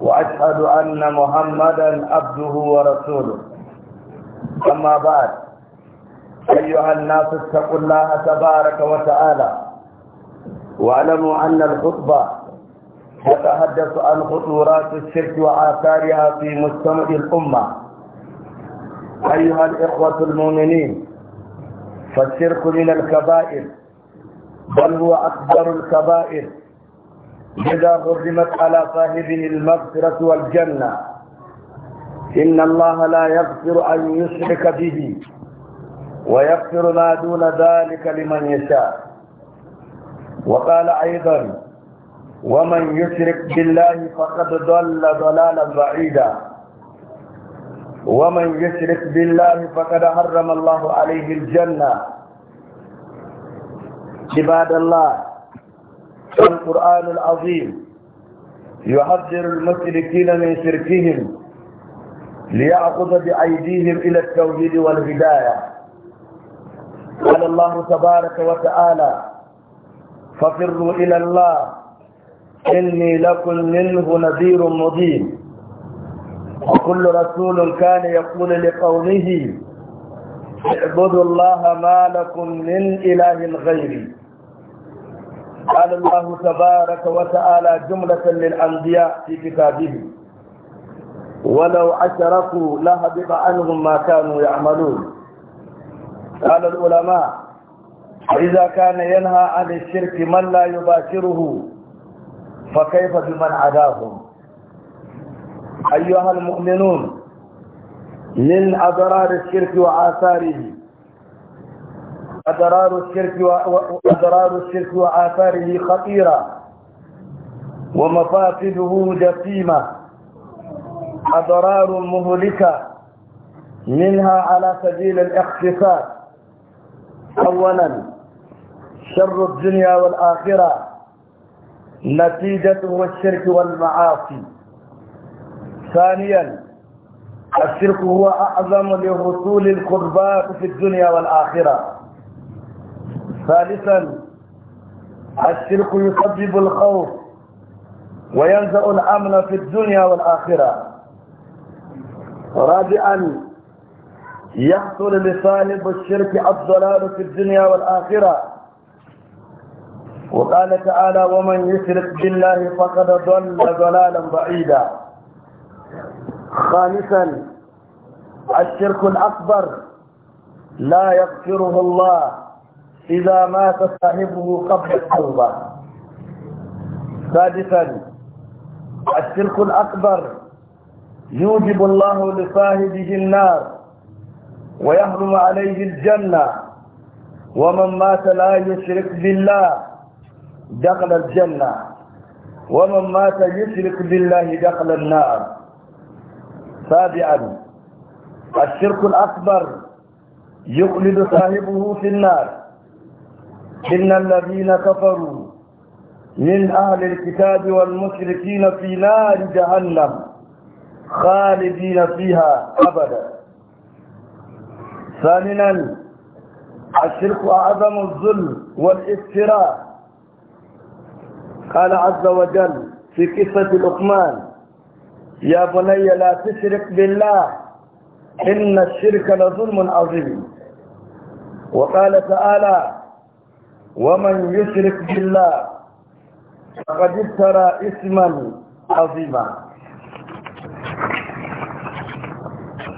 وأشهد أن محمدا عبده ورسوله أما بعد أيها الناس اتقوا الله تبارك وتعالى واعلموا أن الخطبة تتحدث عن خطورات الشرك وآثارها في مجتمع الأمة أيها الإخوة المؤمنين فالشرك من الكبائر بل هو أكبر الكبائر إذا غرمت على صاحبه المغفرة والجنة إن الله لا يغفر أن يشرك به ويغفر ما دون ذلك لمن يشاء وقال أيضا ومن يشرك بالله فقد ضل ضلالا بعيدا ومن يشرك بالله فقد حرم الله عليه الجنة عباد الله والقرآن العظيم يحذر المشركين من شركهم ليأخذ بأيديهم إلى التوحيد والهداية قال الله تبارك وتعالى ففروا إلى الله إني لكم منه نذير مبين وكل رسول كان يقول لقومه اعبدوا الله ما لكم من إله غيري قال الله تبارك وتعالى جملة للأنبياء في كتابه ولو أشركوا لهبط عنهم ما كانوا يعملون قال العلماء إذا كان ينهى عن الشرك من لا يباشره فكيف بمن عداهم أيها المؤمنون من أضرار الشرك وآثاره أضرار الشرك وأضرار الشرك وآثاره خطيرة ومفاسده جسيمة أضرار مهلكة منها على سبيل الاختصار أولا شر الدنيا والآخرة نتيجته الشرك والمعاصي ثانيا الشرك هو أعظم لحصول القربات في الدنيا والآخرة ثالثا الشرك يسبب الخوف وينزع الأمن في الدنيا والآخرة رابعا يحصل لصاحب الشرك الضلال في الدنيا والآخرة وقال تعالى ومن يشرك بالله فقد ضل ضلالا بعيدا خامسا الشرك الأكبر لا يغفره الله إذا مات صاحبه قبل التوبة سادسا الشرك الأكبر يوجب الله لصاحبه النار ويحرم عليه الجنة ومن مات لا يشرك بالله دخل الجنة ومن مات يشرك بالله دخل النار سابعا الشرك الأكبر يقلد صاحبه في النار إن الذين كفروا من أهل الكتاب والمشركين في نار جهنم خالدين فيها أبدا ثانيا الشرك أعظم الظلم والافتراء قال عز وجل في قصة لقمان يا بني لا تشرك بالله إن الشرك لظلم عظيم وقال تعالى ومن يشرك بالله فقد ابترى اسما عظيما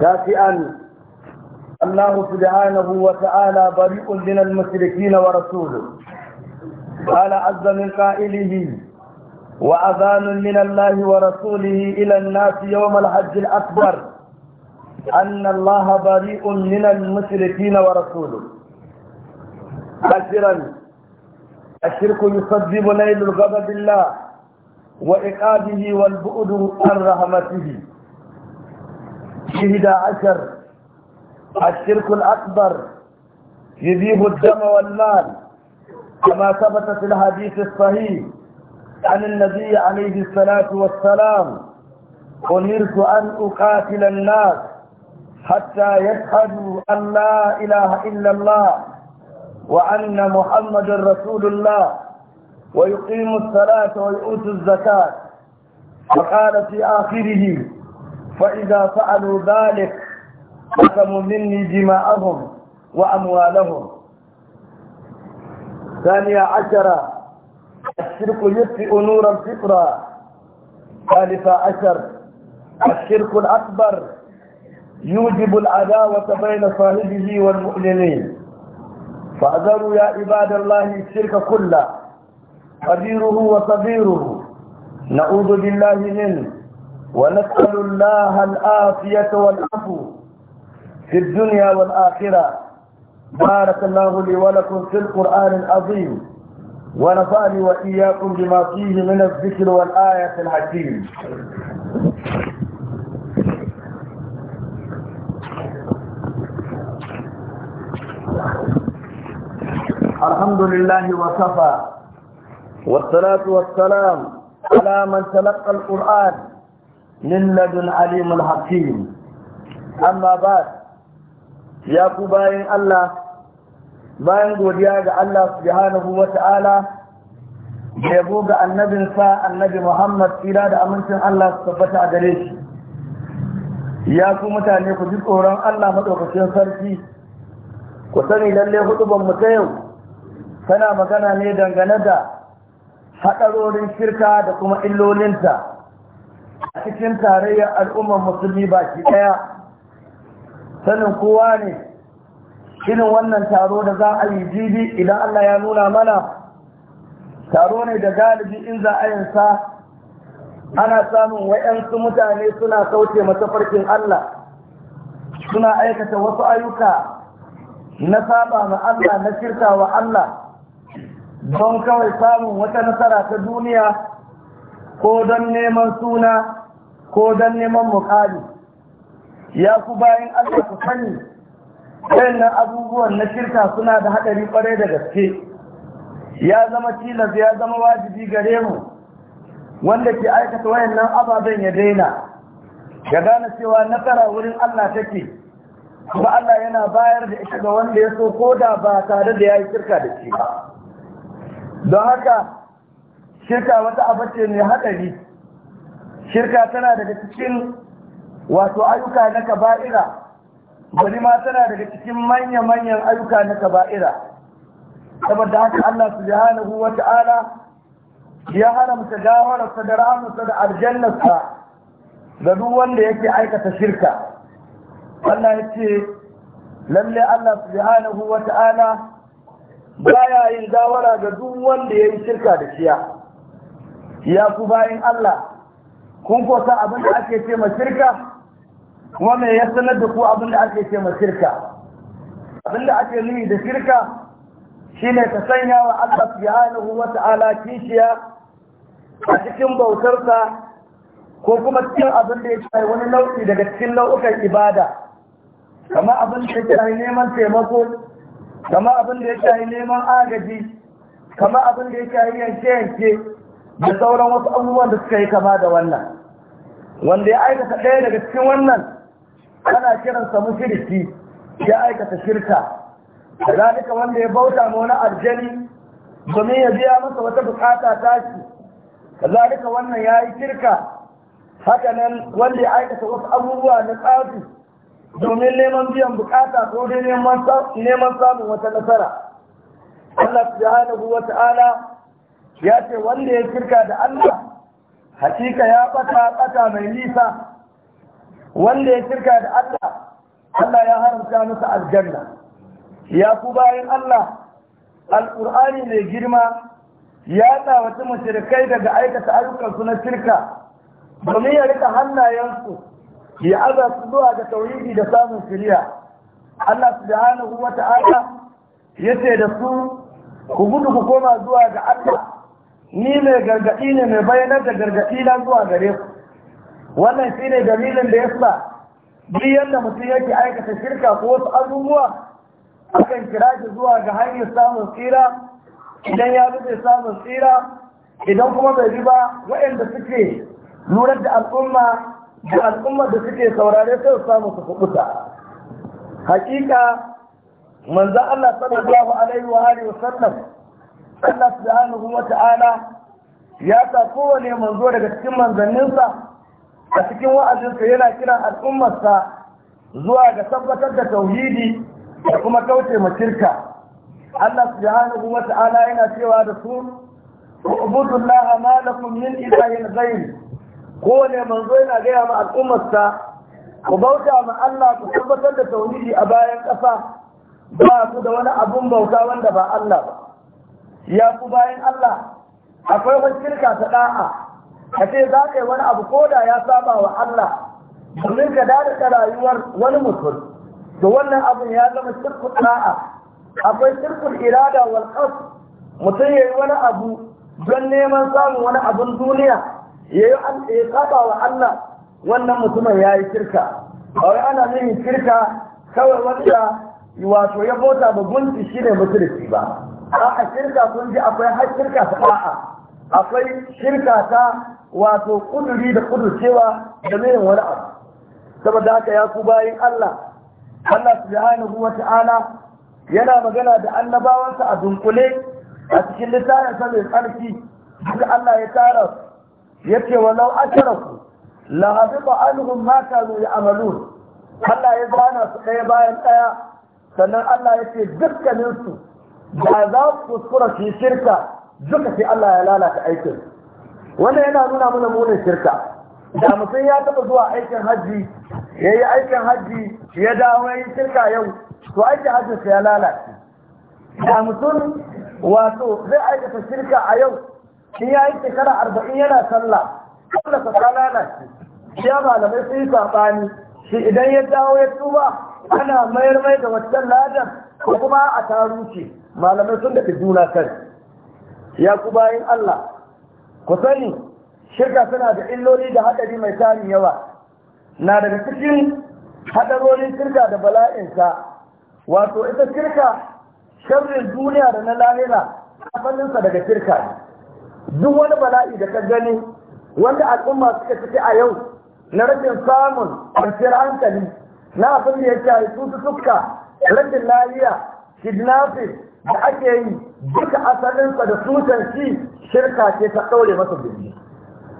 شافئا الله سبحانه وتعالى بريء من المشركين ورسوله قال عز من قائله وأذان من الله ورسوله إلى الناس يوم الحج الأكبر أن الله بريء من المشركين ورسوله عشرا الشرك يصدب نيل الغضب الله وإقابه والبؤد عن رحمته شهد عشر الشرك الأكبر يذيب الدم والمال كما ثبت في الحديث الصحيح عن النبي عليه الصلاة والسلام أمرت أن أقاتل الناس حتى يشهدوا أن لا إله إلا الله وأن محمد رسول الله ويقيم الصلاة ويؤت الزكاة فقال في آخره فإذا فعلوا ذلك قسموا مني دماءهم وأموالهم ثانية عشرة الشرك يطفئ نور الفطرة ثالثة عشر الشرك الأكبر يوجب العداوة بين صاحبه والمؤمنين فأذروا يا عباد الله الشرك كله قديره وصغيره نعوذ بالله منه ونسأل الله الآفية والعفو في الدنيا والآخرة بارك الله لي ولكم في القرآن العظيم ونفعني وإياكم بما فيه من الذكر والآية الحكيم Thank you. الحمد لله وكفى والصلاة والسلام على من تلقى القرآن من لدن عليم حكيم أما بعد يا كباين الله باين godiya ga Allah subhanahu wata'ala da yabo ga annabi Muhammad tsira da amincin Allah su tabbata a gare shi ya ku mutane ku ji tsoron Allah madaukakin sarki ku sani lalle hudubar mu ta yau tana magana ne dangane da haɗarorin shirka da kuma illolinta a cikin tarayyar al'ummar musulmi baki ɗaya sanin kowa ne irin wannan taro da za a yi jibi idan Allah ya nuna mana taro ne da galibi in za a yinsa ana samun wa'yansu mutane suna kauce matafarkin Allah suna aikata wasu ayyuka na saba ma Allah na shirka wa Allah don kawai samun wata nasara ta duniya ko don neman suna ko don neman mukali ya ku bayan allah ku sani wayannan abubuwan na shirka suna da haɗari ƙwarai da gaske ya zama tilas ya zama wajibi gare mu wanda ke aikata wayannan ababen ya daina ya gane cewa nasara wurin Allah take kuma Allah yana bayar da ita ga wanda ya so ko da ba tare da ya yi shirka da shi ba don haka shirka wata abace mai haɗari shirka tana daga cikin wato ayyuka na kaba'ira bari ma tana daga cikin manya-manyan ayyuka na kaba'ira saboda haka Allah subhanahu wa ta'ala ya haramta gawararsa da rahamarsa da aljannarsa ga duk wanda yake aikata shirka Allah ya ce lalle Allah subhanahu ta'ala baya yin dawara ga duk wanda ya yi shirka da shiya ya ku bayan Allah kun kosa abin da ake ce ma shirka kuma mai ya sanar da ku abin da ake ce ma shirka abin da ake nuni da shirka shi ne ta sanya wa Allah subhanahu wa ta'ala kishiya a cikin bautarsa ko kuma cikin abin da ya shi wani nau'i daga cikin nau'ukan ibada kamar abin da ya neman taimako kama abin da ya shahi neman agaji kama abin da ya shahi yanke-yanke da sauran wasu abubuwan da suka yi kama da wannan wanda ya aikata ɗaya daga cikin wannan ana kiransa mushiriki ya aikata shirka zalika wanda ya bauta ma wani aljani domin ya biya masa wata bukata tashi zalika wannan ya yi shirka haka wanda ya aikata wasu abubuwa na tsafi domin neman biyan bukata ko dai neman samun wata nasara Allah subhanahu wa ta'ala ya ce wanda ya kirka da Allah hakika ya bata bata mai nisa wanda ya kirka da Allah Allah ya haramta masa aljanna ya ku bayan Allah alƙur'ani mai girma ya wata mashirkai daga aikata ayyukansu na shirka domin ya rika hannayensu ya aza su zuwa ga tauhidi da samun shari'a Allah subhanahu wa ya yace da su ku gudu ku koma zuwa ga Allah ni mai gargadi ne mai bayanar da gargaɗi na zuwa gare ku wannan shine dalilin da yasa bi yadda mutum yake aikata shirka ko wasu abubuwa akan kira shi zuwa ga hanyar samun tsira idan ya zube samun tsira idan kuma bai bi ba waɗanda suke lura da al'umma da al'ummar da suke saurare sai samu su kubuta hakika manzo Allah sallallahu alaihi wa alihi wa sallam Allah subhanahu wa ta'ala ya ta kowane manzo daga cikin manzanninsa a cikin wa'azinsa yana kiran al'ummarsa zuwa ga tabbatar da tauhidi da kuma kauce ma shirka Allah subhanahu wa ta'ala yana cewa da su ubudullaha ma lakum min ilahin ghairi kowane manzo yana gaya ma al'ummarsa ku bauta ma Allah ku tabbatar da tauhidi a bayan ƙasa ba ku da wani abun bauta wanda ba Allah ba ya ku bayan Allah akwai wani shirka ta da'a ka ce za ka yi wani abu ko da ya saba wa Allah domin ka dada rayuwar wani mutum to wannan abun ya zama shirkun da'a akwai shirkun irada wal qasd mutum yayi wani abu don neman samun wani abun duniya ya saba wa Allah wannan mutumin ya yi shirka a wai ana yin shirka kawai wanda wato ya bota ba gunki shi ne musulunci ba a'a shirka kun ji akwai har shirka ta a'a akwai shirka ta wato kuduri da kudurcewa da mirin wani abu saboda haka ya ku bayin Allah Allah subhanahu wa ta'ala yana magana da annabawansa a dunkule a cikin littafin sa mai tsarki duka Allah ya tara Yake walau ashraku la habita anhum ma kanu ya'malun Allah ya zana su ɗaya bayan ɗaya sannan Allah ya ce dukkaninsu da za su kuskura su yi shirka duka sai Allah ya lalata aikin wannan yana nuna mana munin shirka da mutum ya taba zuwa aikin hajji ya yi aikin hajji ya dawo ya shirka yau to aikin hajji ya lalata. da mutum wato zai aikata shirka a yau shi ya yi shekara arba'in yana sallah sallah ta na shi. ya malamai sun yi saɓani shi idan ya dawo ya tuba ana mayar mai da wancan ladan ko kuma a taru ce malamai sun da juna kan ya ku bayan Allah ku sani shirka suna da illoli da haɗari mai tarin yawa na daga cikin haɗarorin shirka da bala'insa wato ita shirka sharrin duniya da na lahira asalinsa daga shirka duk wani bala'i da ka gani wanda al'umma suka ciki a yau na rashin samun kwanciyar hankali na abin da ya shafi cututtuka rashin lafiya kidnapping da ake yi duka asalinsa da tutan shi shirka ce ta ɗaure masa birni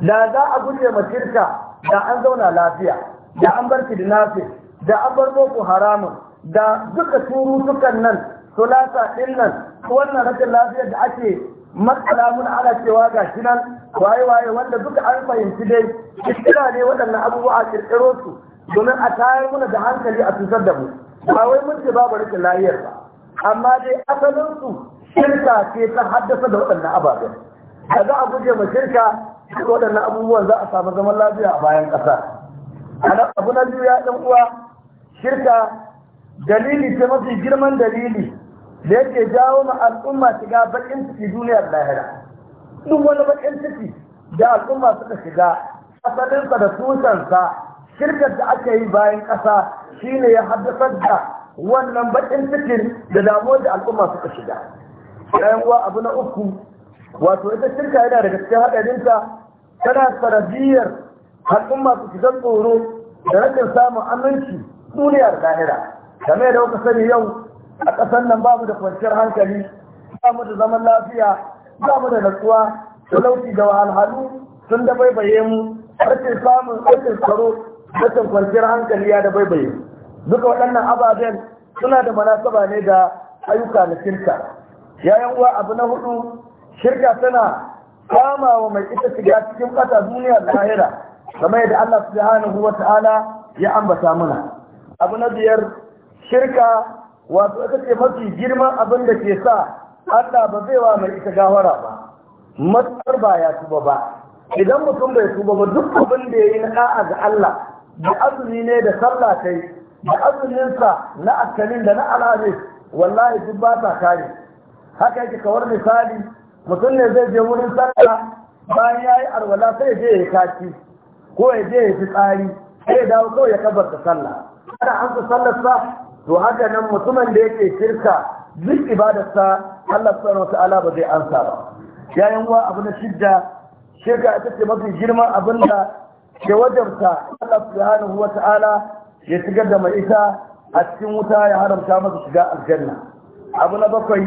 da za a guje ma shirka da an zauna lafiya da an bar kidnapping da an bar boko haramun da duka turutukan nan sulasa ɗin nan wannan rashin lafiyar da ake matsala muna ana cewa ga shi nan waye-waye wanda duka an fahimci dai iskira ne waɗannan abubuwa a ƙirƙiro su domin a tayar muna da hankali a cutar da mu ba wai mun ce babu rikin lahiyar ba amma dai asalin su shirka ce ta haddasa da waɗannan ababen da za a guje ma shirka da waɗannan abubuwan za a samu zaman lafiya a bayan ƙasa abu na biyu ya ɗan uwa shirka dalili ce mafi girman dalili da yake jawo ma al'umma shiga bakin ciki duniyar lahira duk wani bakin ciki da al'umma suka shiga asalinsa da tusansa shirkar da aka yi bayan ƙasa shine ya haddasar da wannan bakin cikin da damuwar da al'umma suka shiga yayin uwa abu na uku wato ita shirka yana daga cikin haɗarinta tana sanadiyar al'umma su shiga tsoro da rashin samun aminci duniyar lahira kamar da kuka sani yau a ƙasar nan babu da kwanciyar hankali ba mu da zaman lafiya ba mu da natsuwa talauci da wahalhalu sun da baibaye mu rashin samun rashin tsaro rashin kwanciyar hankali ya da baibaye duka waɗannan ababen suna da munasaba ne da ayyuka na shirka yayan uwa abu na hudu shirka tana kama wa mai ita shiga cikin ƙasa duniya da lahira kamar yadda Allah subhanahu wa ta'ala ya ambata mana abu na biyar shirka wato ita ce mafi girman abin da ke sa Allah ba zai wa mai ita gawara ba matsar ba ya tuba ba idan mutum bai tuba ba duk abin da ya yi na da'a ga Allah da azumi ne da sallah kai da azuminsa na akalin da na al'adis wallahi duk ba ta kare haka yake kawar misali mutum ne zai je wurin sallah bayan ya yi arwala sai je ya kaci ko ya je ya fi tsari sai ya dawo kawai ya kabarta sallah ana an su sallar sa to haka nan mutumin da yake shirka duk ibadarsa Allah subhanahu wa ta'ala ba zai ansa ba yayin wa abu na shidda shirka ita ce mafi girman abin da ke wajarta Allah subhanahu wa ta'ala ya shigar da mai ita a cikin wuta ya haramta masa shiga aljanna abu na bakwai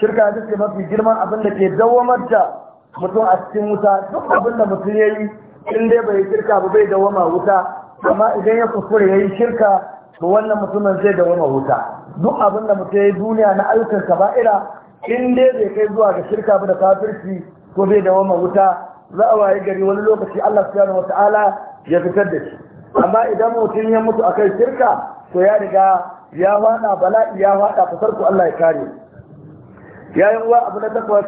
shirka ita ce mafi girman abin da ke dawamar da mutum a cikin wuta duk abin da mutum ya yi in dai bai shirka ba bai dawama wuta amma idan ya kuskure ya yi shirka to wannan mutumin zai wani wuta duk abin da mutum ya duniya na ayyukan kaba'ira in dai zai kai zuwa ga shirka ba da kafirci zai da wani wuta za a waye gari wani lokaci Allah subhanahu wata'ala ya fitar da shi amma idan mutum ya mutu kai shirka to ya riga ya wada bala'i ya wada fasar ku Allah ya kare yayin uwa abu na takwas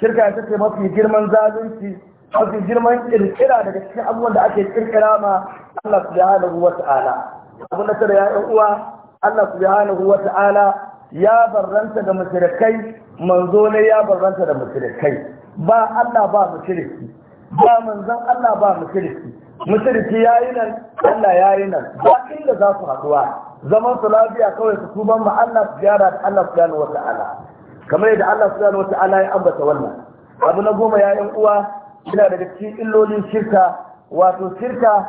shirka ya ce mafi girman zalunci mafi girman kirkira daga cikin abubuwan da ake kirkira ma Allah subhanahu ta'ala. abu na tara ya uwa Allah subhanahu wa ta'ala ya barranta da mushrikai manzo ne ya barranta da mushrikai ba Allah ba mushriki ba manzon Allah ba mushriki mushriki yayi nan Allah yayi nan ba inda za su haduwa zaman su lafiya kawai su tuban ma Allah ziyara da Allah subhanahu wa ta'ala kamar yadda Allah subhanahu wa ta'ala ya ambata wannan abu na goma yayin uwa ina daga cikin illolin shirka wato shirka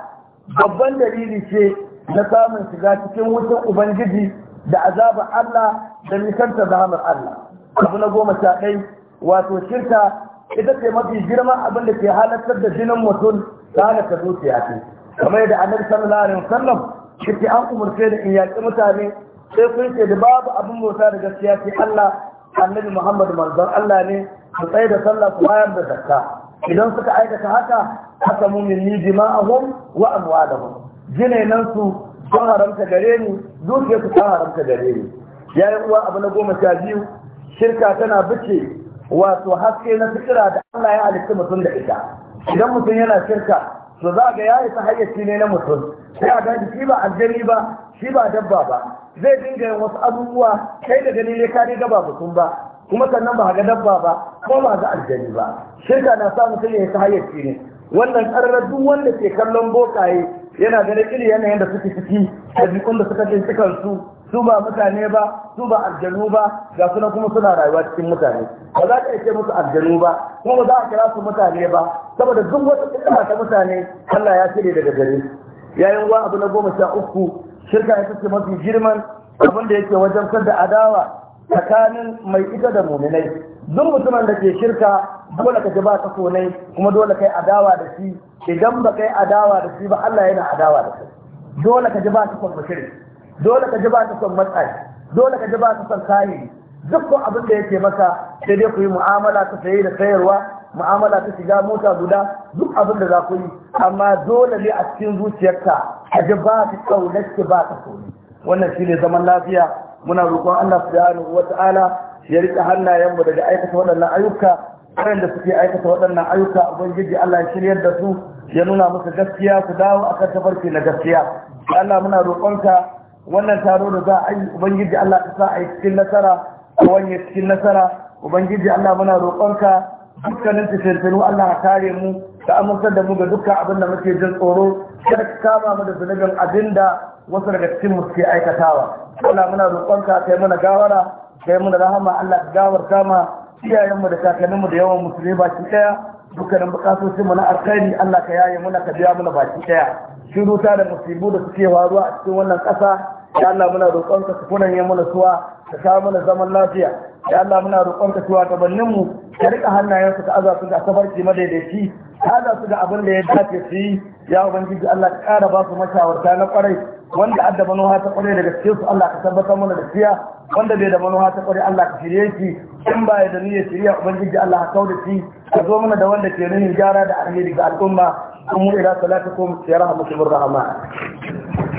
babban dalili ce na samun shiga cikin wucin ubangiji da azabar Allah da nisanta zahamar Allah abu na goma sha ɗai wato shirka ita ce mafi girma abin da ke halartar da jinin mutum ta halatta zuciya ce kamar yadda annabi sallallahu alaihi wasallam an umarce da in yaƙi mutane sai kun ce da babu abin mota da gaskiya ce Allah annabi Muhammad manzon Allah ne su tsaye da sallah su bayar da zakka idan suka aikata haka aka mumin ni jima'ahum wa amwalahum su sun haramta gare ni dukiyarsu sun haramta gare ni ya yi uwa abu na goma sha biyu shirka tana bice wato haske na fikira da Allah ya halitta mutum da ita idan mutum yana shirka to za ga ya isa hayyaci ne na mutum sai a gani shi ba aljani ba shi ba dabba ba zai dinga yin wasu abubuwa kai da gani ne ka ga ba mutum ba kuma sannan ba ga dabba ba ko ba ga aljani ba shirka na sa mutum ya isa hayyaci ne wannan karar duk wanda ke kallon bokaye yana ganin iri yanayin da suke ciki ɗabi'un da suka ce su su ba mutane ba su ba aljanu ba ga suna kuma suna rayuwa cikin mutane ba za ka iya ce musu aljanu ba kuma ba za a kira su mutane ba saboda duk wata tsirma ta mutane Allah ya shirya daga gare yayin wa abu na goma sha uku shirka ya fice mafi girman abin da yake wajen da adawa tsakanin mai ita da muminai duk mutumin da ke shirka dole ka ji ba ka so nai kuma dole kai adawa da shi idan ba kai adawa da shi ba Allah yana adawa da kai dole ka ji ba ka son mushrik dole ka ji ba ka son matsayi dole ka ji ba ka son kayi dukkan abin da yake maka sai dai ku yi mu'amala ta saye da sayarwa mu'amala ta shiga mota guda duk abin da za ku yi amma dole ne a cikin zuciyarka ka ji ba ka kaunar ki ba ka so wannan shine zaman lafiya muna roƙon Allah subhanahu ta'ala ya rike hannayenmu daga aikata waɗannan ayyuka waɗanda suke aikata waɗannan ayyuka ubangiji Allah ya shiryar da su ya nuna musu gaskiya su dawo a akan tafarki na gaskiya Allah muna roƙonka wannan taro da za a yi ubangiji Allah ka sa a yi cikin nasara a wanye cikin nasara ubangiji Allah muna roƙonka dukkanin tafirfinu Allah ka kare mu ka amintar da mu ga dukkan abin da muke jin tsoro kada ka kama mu da zunubin abin da wasu daga cikin mu suke aikatawa Allah muna roƙonka kai mana gawara kai mana rahama Allah ka gawar kama iyayenmu da kakanninmu da yawan musulmi baki ɗaya, dukkanin bukatocin mu na alkhairi Allah ka yaye muna ka biya muna baki ɗaya. shiru ta da musibu da suke waruwa a cikin wannan ƙasa. ya Allah muna roƙon ka kunan ya muna suwa ka sa mana zaman lafiya ya Allah muna roƙon ka suwa ta bannin mu ka rika hannayensu ka aza su ga tabarki madaidaici ka aza su ga abin da ya dace su yi ya ubangiji Allah ka ƙara ba su mashawarta na kwarai. wanda adda manuha ta kware daga cikin su Allah ka tabbatar mana da siya wanda bai da manuha ta kware Allah ka shirye shi in ba ya da niyya shirya ubangiji Allah ka kawo da shi ka zo mana da wanda ke nuni gyara da alheri ga al'umma kuma ila salatukum ya rahmatullahi rahman